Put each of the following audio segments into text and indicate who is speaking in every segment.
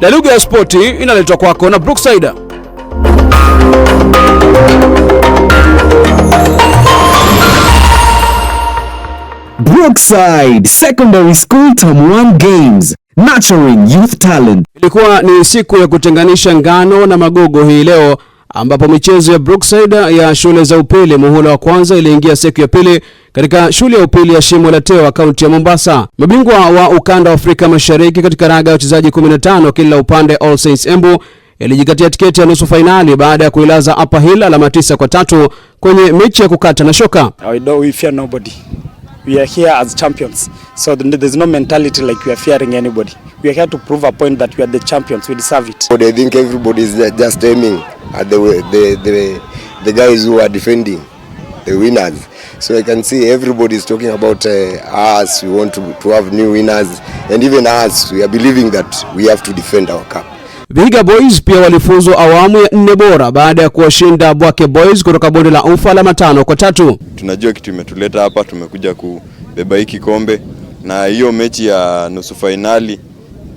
Speaker 1: La Lugha ya Spoti inaletwa kwako na Brookside.
Speaker 2: Brookside Secondary School Term 1 Games Nurturing Youth Talent.
Speaker 1: Ilikuwa ni siku ya kutenganisha ngano na magogo hii leo ambapo michezo ya Brookside ya shule za upili muhula wa kwanza iliingia siku ya pili katika shule ya upili ya Shimo la Tewa kaunti ya Mombasa. Mabingwa wa ukanda wa Afrika Mashariki katika raga ya wachezaji 15 kila upande, All Saints Embu ilijikatia tiketi ya nusu fainali baada ya kuilaza Upper Hill alama tisa kwa tatu kwenye mechi ya kukata na shoka.
Speaker 3: I
Speaker 4: think everybody is just aiming are uh, the, the, the, the guys who are defending the winners. So I can see everybody is talking about uh, us, we want to, to have new winners and even us, we are believing that we have to defend our cup.
Speaker 1: Vihiga Boys pia walifuzu awamu ya nne bora baada ya kuwashinda Bwake Boys kutoka bonde la Ufa la matano kwa tatu.
Speaker 5: Tunajua kitu imetuleta hapa, tumekuja kubeba hiki kombe na hiyo mechi ya nusu fainali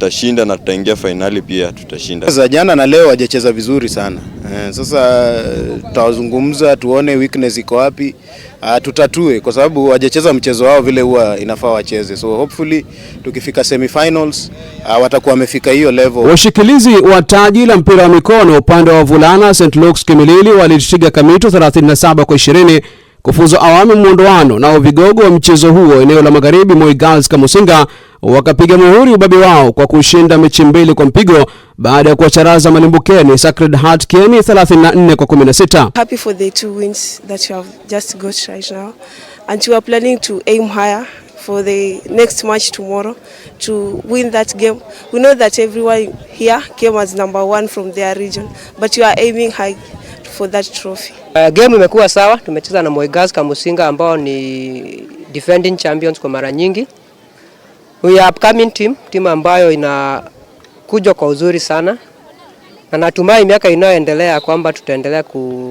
Speaker 5: tutashinda na tutaingia fainali pia tutashinda.
Speaker 6: Sasa jana na leo hajacheza vizuri sana eh, sasa eh, tutawazungumza tuone weakness iko wapi, uh, tutatue kwa sababu hajacheza mchezo wao vile huwa inafaa wacheze, so hopefully tukifika semifinals uh, watakuwa wamefika hiyo level.
Speaker 1: Washikilizi wa taji la mpira wa mikono upande wa vulana St Luke's Kimilili walishiga Kamito 37 kwa 20 kufuzu awamu muondoano, nao vigogo wa mchezo huo eneo la magharibi Moi Girls Kamusinga wakapiga muhuri ubabe wao kwa kushinda mechi mbili kwa mpigo baada ya kuwacharaza Malimbukeni Sacred Heart Kieni 34 kwa 16.
Speaker 7: Happy for the two wins that you have just got right now and you are planning to aim higher for the next match tomorrow to win that game. We know that everyone here came as number one from their region but you are aiming high for that trophy.
Speaker 8: Uh, game imekuwa sawa, tumecheza na Moegas Kamusinga ambao ni defending champions kwa mara nyingi We are upcoming team, timu ambayo inakuja kwa uzuri sana na natumai miaka inayoendelea kwamba tutaendelea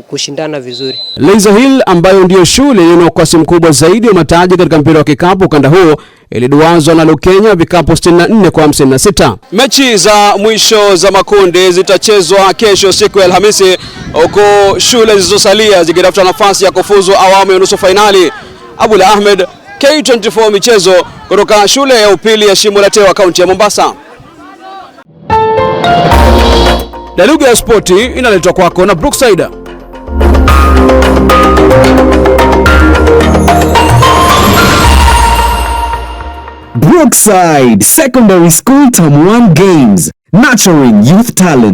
Speaker 8: kushindana vizuri.
Speaker 1: Laser Hill ambayo ndiyo shule yenye ukwasi mkubwa zaidi wa mataji katika mpira wa kikapu ukanda huo iliduazwa na Lukenya vikapu 64 kwa 56. Mechi za mwisho za makundi zitachezwa kesho siku ya Alhamisi, huku shule zilizosalia zikitafuta nafasi ya kufuzu awamu ya nusu fainali. Abula Ahmed K24 michezo kutoka shule ya upili ya Shimo la Tewa kaunti ya Mombasa. Daluga ya spoti inaletwa kwako na Brookside.
Speaker 2: Brookside Secondary School Term 1 Games nurturing youth talent.